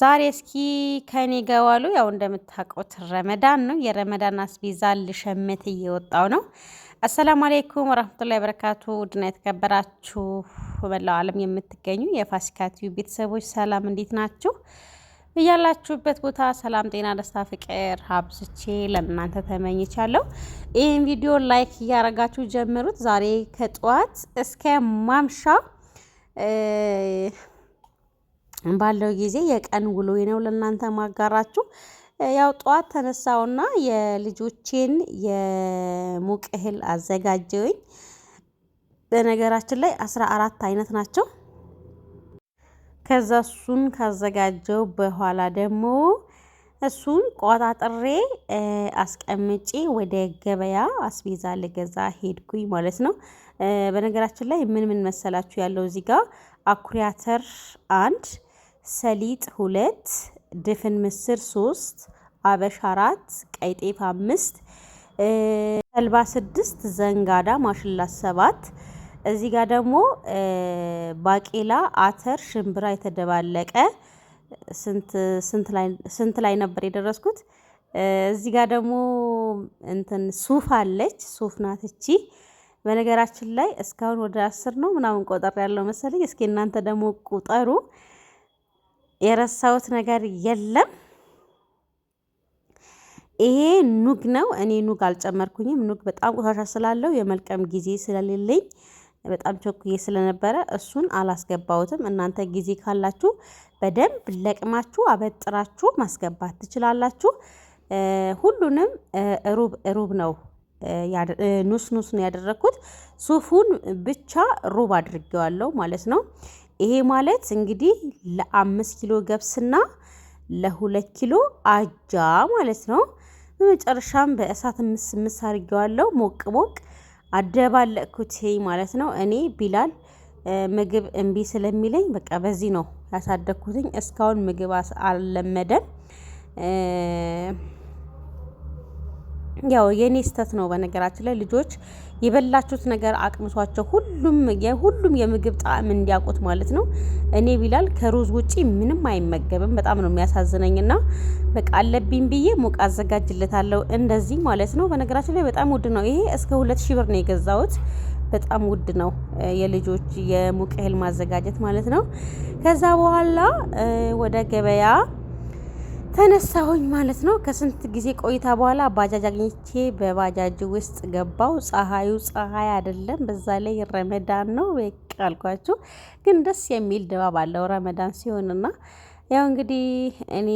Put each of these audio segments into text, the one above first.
ዛሬ እስኪ ከኔ ገዋሉ ያው እንደምታውቁት ረመዳን ነው። የረመዳን አስቤዛ ልሸምት እየወጣው ነው። አሰላሙ አሌይኩም ወረህመቱላሂ በረካቱ ውድና የተከበራችሁ በመላው ዓለም የምትገኙ የፋሲካ ቲዩብ ቤተሰቦች ሰላም፣ እንዴት ናችሁ? እያላችሁበት ቦታ ሰላም፣ ጤና፣ ደስታ፣ ፍቅር ሀብዝቼ ለእናንተ ተመኝቻለሁ። ይህን ቪዲዮ ላይክ እያረጋችሁ ጀምሩት። ዛሬ ከጠዋት እስከ ማምሻ ባለው ጊዜ የቀን ውሎ ነው ለእናንተ ማጋራችሁ። ያው ጠዋት ተነሳውና የልጆቼን የሙቅ እህል አዘጋጀውኝ። በነገራችን ላይ አስራ አራት አይነት ናቸው። ከዛ እሱን ካዘጋጀው በኋላ ደግሞ እሱን ቆጣጥሬ አስቀምጬ ወደ ገበያ አስቤዛ ልገዛ ሄድኩኝ ማለት ነው። በነገራችን ላይ ምን ምን መሰላችሁ ያለው እዚህ ጋር አኩሪ አተር አንድ ሰሊጥ ሁለት ድፍን ምስር ሶስት አበሻ አራት ቀይ ጤፍ አምስት ተልባ ስድስት ዘንጋዳ ማሽላ ሰባት እዚህ ጋር ደግሞ ባቄላ አተር ሽምብራ የተደባለቀ ስንት ላይ ነበር የደረስኩት? እዚህ ጋር ደግሞ እንትን ሱፍ አለች። ሱፍ ናት እቺ። በነገራችን ላይ እስካሁን ወደ አስር ነው ምናምን ቆጠር ያለው መሰለኝ። እስኪ እናንተ ደግሞ ቁጠሩ። የረሳሁት ነገር የለም። ይሄ ኑግ ነው። እኔ ኑግ አልጨመርኩኝም። ኑግ በጣም ቆሻሻ ስላለው የመልቀም ጊዜ ስለሌለኝ በጣም ቸኩዬ ስለነበረ እሱን አላስገባሁትም። እናንተ ጊዜ ካላችሁ በደንብ ለቅማችሁ አበጥራችሁ ማስገባት ትችላላችሁ። ሁሉንም ሩብ ሩብ ነው ኑስ ኑስ ነው ያደረግኩት። ሱፉን ብቻ ሩብ አድርጌዋለሁ ማለት ነው። ይሄ ማለት እንግዲህ ለአምስት ኪሎ ገብስና ለሁለት ኪሎ አጃ ማለት ነው። በመጨረሻም በእሳት ምስ ምስ አድርጌዋለሁ። ሞቅ ሞቅ አደባለቅኩት ማለት ነው። እኔ ቢላል ምግብ እምቢ ስለሚለኝ በቃ በዚህ ነው ያሳደግኩትኝ። እስካሁን ምግብ አልለመደም። ያው የኔ ስተት ነው። በነገራችን ላይ ልጆች የበላችሁት ነገር አቅምሷቸው ሁሉም የሁሉም የምግብ ጣዕም እንዲያውቁት ማለት ነው። እኔ ቢላል ከሩዝ ውጪ ምንም አይመገብም። በጣም ነው የሚያሳዝነኝና በቃ አለብኝ ብዬ ሙቅ አዘጋጅለታለሁ እንደዚህ ማለት ነው። በነገራችን ላይ በጣም ውድ ነው። ይሄ እስከ ሁለት ሺህ ብር ነው የገዛሁት። በጣም ውድ ነው የልጆች የሙቅ እህል ማዘጋጀት ማለት ነው። ከዛ በኋላ ወደ ገበያ ተነሳሁኝ ማለት ነው። ከስንት ጊዜ ቆይታ በኋላ ባጃጅ አግኝቼ በባጃጅ ውስጥ ገባው። ፀሐዩ ፀሐይ አይደለም፣ በዛ ላይ ረመዳን ነው። በቃ አልኳችሁ። ግን ደስ የሚል ድባብ አለው ረመዳን ሲሆንና ያው እንግዲህ እኔ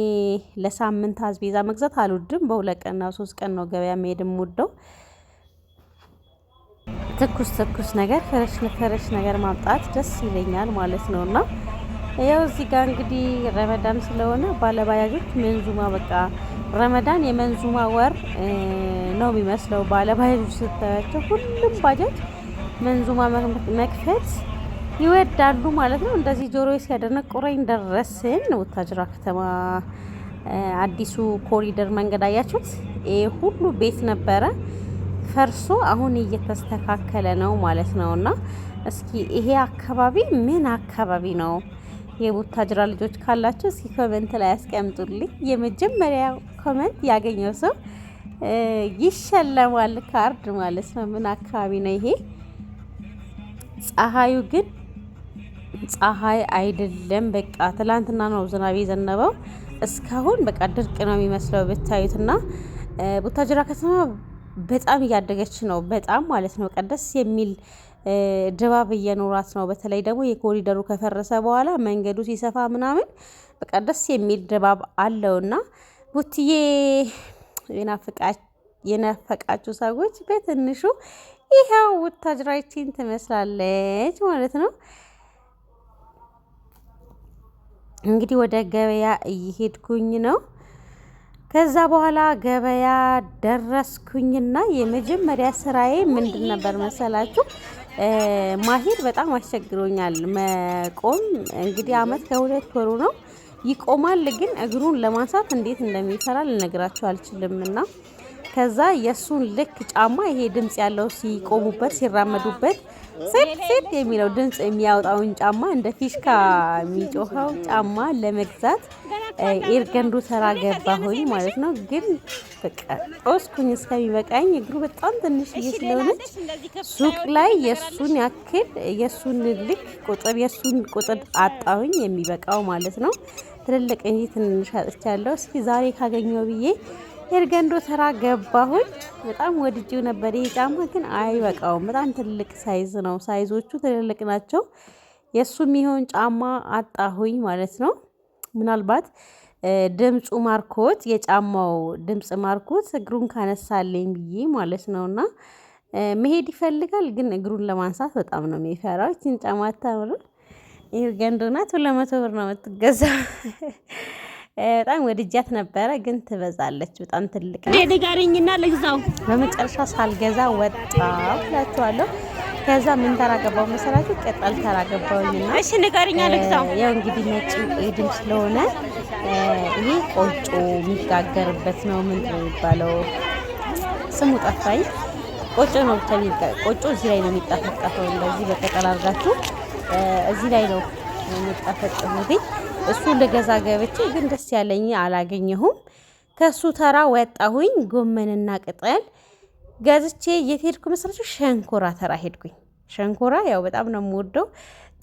ለሳምንት አዝቤዛ መግዛት አልወድም። በሁለት ቀንና ሶስት ቀን ነው ገበያ መሄድ የምወደው። ትኩስ ትኩስ ነገር ፈረሽ ፈረሽ ነገር ማምጣት ደስ ይለኛል ማለት ነውና ያው እዚህ ጋር እንግዲህ ረመዳን ስለሆነ ባለባያጆች መንዙማ በቃ ረመዳን የመንዙማ ወር ነው የሚመስለው። ባለባያጆች ስታያቸው ሁሉም ባጃጅ መንዙማ መክፈት ይወዳሉ ማለት ነው። እንደዚህ ጆሮ ሲያደነቁረኝ ደረስን። ወታጅራ ከተማ አዲሱ ኮሪደር መንገድ አያችሁት? ይህ ሁሉ ቤት ነበረ ፈርሶ አሁን እየተስተካከለ ነው ማለት ነው። እና እስኪ ይሄ አካባቢ ምን አካባቢ ነው? የቡታጅራ ልጆች ካላችሁ እስኪ ኮመንት ላይ ያስቀምጡልኝ። የመጀመሪያ ኮመንት ያገኘው ሰው ይሸለማል ካርድ ማለት ነው። ምን አካባቢ ነው ይሄ? ፀሐዩ ግን ፀሐይ አይደለም። በቃ ትላንትና ነው ዝናብ የዘነበው። እስካሁን በቃ ድርቅ ነው የሚመስለው ብታዩትና ቡታጅራ ከተማ በጣም እያደገች ነው። በጣም ማለት ነው ቀደስ የሚል ድባብ እየኖራት ነው። በተለይ ደግሞ የኮሪደሩ ከፈረሰ በኋላ መንገዱ ሲሰፋ ምናምን በቃ ደስ የሚል ድባብ አለውና ቡትዬ የናፈቃችሁ ሰዎች በትንሹ ይኸው ወታጅራችን ትመስላለች ማለት ነው። እንግዲህ ወደ ገበያ እየሄድኩኝ ነው። ከዛ በኋላ ገበያ ደረስኩኝና የመጀመሪያ ስራዬ ምንድን ነበር መሰላችሁ? ማሄድ በጣም አስቸግሮኛል መቆም። እንግዲህ አመት ከሁለት ወሩ ነው ይቆማል፣ ግን እግሩን ለማንሳት እንዴት እንደሚሰራ ልነግራቸው አልችልም እና ከዛ የእሱን ልክ ጫማ ይሄ ድምፅ ያለው ሲቆሙበት ሲራመዱበት ሴት ሴት የሚለው ድምፅ የሚያወጣውን ጫማ እንደ ፊሽካ የሚጮኸው ጫማ ለመግዛት ኤርገንዱ ተራ ገባሁኝ ማለት ነው። ግን በቃ ጦስኩኝ እስከሚበቃኝ። እግሩ በጣም ትንሽዬ ስለሆነች ሱቅ ላይ የእሱን ያክል የእሱን ልክ ቁጥር የእሱን ቁጥር አጣሁኝ የሚበቃው ማለት ነው። ትልልቅ እንጂ ትንንሽ አጥቻለሁ። እስኪ ዛሬ ካገኘው ብዬ የእርገንዶ ተራ ገባሁኝ። በጣም ወድጄው ነበር። ይሄ ጫማ ግን አይበቃውም። በጣም ትልቅ ሳይዝ ነው። ሳይዞቹ ትልልቅ ናቸው። የእሱ የሚሆን ጫማ አጣሁኝ ማለት ነው። ምናልባት ድምፁ ማርኮት የጫማው ድምፅ ማርኮት እግሩን ካነሳለኝ ብዬ ማለት ነው እና መሄድ ይፈልጋል ግን እግሩን ለማንሳት በጣም ነው የሚፈራው። ይችን ጫማ አታምርም? ይህ ገንዶናት ለመቶ ብር ነው የምትገዛ በጣም ወድጃት ነበረ፣ ግን ትበዛለች። በጣም ትልቅ ንገረኝና ልግዛው። በመጨረሻ ሳልገዛ ወጣሁ እላችኋለሁ። ከዛ ምን ተራገባው መሰላችሁ? ቅጠል ተራገባውኝና እሺ ንገረኛ ልግዛው። ያው እንግዲህ ነጭ ኢድም ስለሆነ ይሄ ቆጮ የሚጋገርበት ነው። ምን ነው የሚባለው? ስሙ ጠፋኝ። ቆጮ ነው ብቻ ቆጮ እዚህ ላይ ነው የሚጠፈጠፈው። እንደዚህ በቅጠል አድርጋችሁ እዚህ ላይ ነው የሚጠፈጥፉት። እሱ ልገዛ ገብቼ ግን ደስ ያለኝ አላገኘሁም። ከሱ ተራ ወጣሁኝ። ጎመንና ቅጠል ገዝቼ የት ሄድኩ መሰላችሁ? ሸንኮራ ተራ ሄድኩኝ። ሸንኮራ ያው በጣም ነው የምወደው።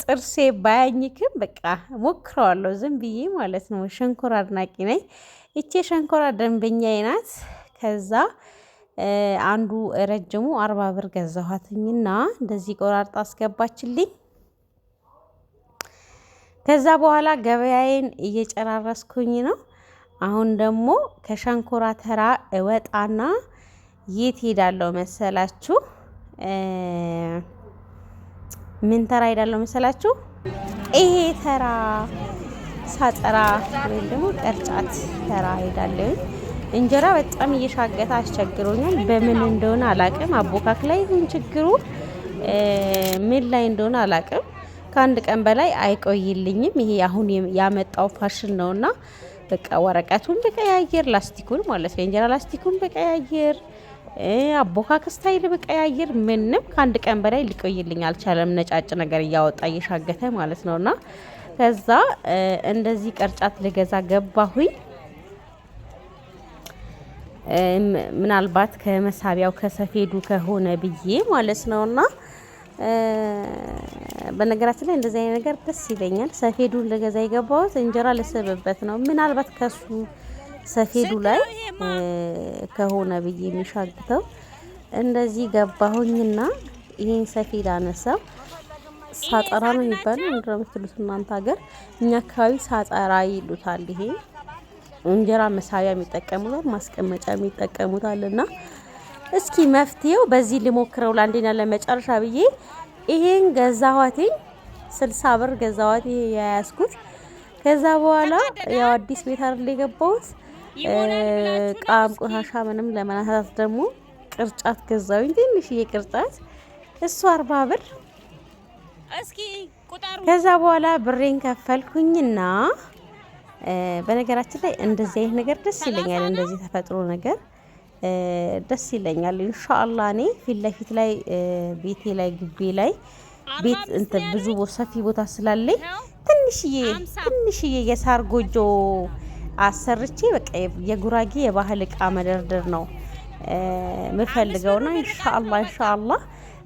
ጥርሴ ባያኝክም በቃ ሞክረዋለሁ ዝም ብዬ ማለት ነው። ሸንኮራ አድናቂ ነኝ። ይቼ ሸንኮራ ደንበኛዬ ናት። ከዛ አንዱ ረጅሙ አርባ ብር ገዛኋትኝና እንደዚህ ቆራርጣ አስገባችልኝ። ከዛ በኋላ ገበያዬን እየጨራረስኩኝ ነው። አሁን ደግሞ ከሸንኮራ ተራ እወጣና የት ሄዳለሁ መሰላችሁ? ምን ተራ ሄዳለሁ መሰላችሁ? ይሄ ተራ ሳጠራ ወይም ደግሞ ቅርጫት ተራ ሄዳለሁ። እንጀራ በጣም እየሻገተ አስቸግሮኛል። በምን እንደሆነ አላቅም። አቦካክ ላይ ይሁን ችግሩ ምን ላይ እንደሆነ አላቅም። ከአንድ ቀን በላይ አይቆይልኝም። ይሄ አሁን ያመጣው ፋሽን ነውና በቃ ወረቀቱን በቀያየር ላስቲኩን ማለት ነው የእንጀራ ላስቲኩን በቀያየር አቦካክ ስታይል በቀያየር ምንም ከአንድ ቀን በላይ ሊቆይልኝ አልቻለም። ነጫጭ ነገር እያወጣ እየሻገተ ማለት ነውና ከዛ እንደዚህ ቅርጫት ልገዛ ገባሁኝ። ምናልባት ከመሳቢያው ከሰፌዱ ከሆነ ብዬ ማለት ነውና በነገራችን ላይ እንደዚህ አይነት ነገር ደስ ይለኛል። ሰፌዱን ልገዛ የገባሁት እንጀራ ልስብበት ነው። ምናልባት ከሱ ሰፌዱ ላይ ከሆነ ብዬ የሚሻግተው እንደዚህ ገባሁኝና ይህን ሰፌድ አነሳው። ሳጠራ ነው የሚባለው ምንድነው እናንተ ሀገር? እኛ አካባቢ ሳጠራ ይሉታል። ይሄ እንጀራ መሳቢያ የሚጠቀሙታል፣ ማስቀመጫ የሚጠቀሙታል እና እስኪ መፍትሄው በዚህ ልሞክረው ለአንዴና ለመጨረሻ ብዬ ይሄን ገዛኋትኝ። ስልሳ ብር ገዛኋት ይሄ የያዝኩት። ከዛ በኋላ ያው አዲስ ቤት አይደል የገባሁት ቃም ቆሻሻ ምንም ለመናሳት ደግሞ ቅርጫት ገዛሁኝ፣ ትንሽዬ ቅርጫት እሱ አርባ ብር። ከዛ በኋላ ብሬን ከፈልኩኝና በነገራችን ላይ እንደዚህ አይነት ነገር ደስ ይለኛል፣ እንደዚህ ተፈጥሮ ነገር ደስ ይለኛል። ኢንሻአላ እኔ ፊት ለፊት ላይ ቤቴ ላይ ግቢ ላይ ቤት እንትን ብዙ ሰፊ ቦታ ስላለኝ ትንሽዬ ትንሽዬ የሳር ጎጆ አሰርቼ በቃ የጉራጌ የባህል እቃ መደርደር ነው ነው። ኢንሻአላ ኢንሻአላ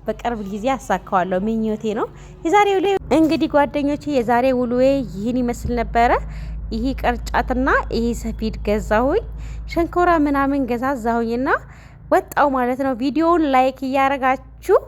በቅርብ ጊዜ አሳካዋለሁ፣ ምኞቴ ነው። የዛሬ ውሎ እንግዲህ ጓደኞቼ፣ የዛሬ ውሎዬ ይህን ይመስል ነበረ። ይሄ ቅርጫትና ይሄ ሰፊድ ገዛሁኝ። ሸንኮራ ምናምን ገዛዛሁኝና ወጣው ማለት ነው። ቪዲዮውን ላይክ እያረጋችሁ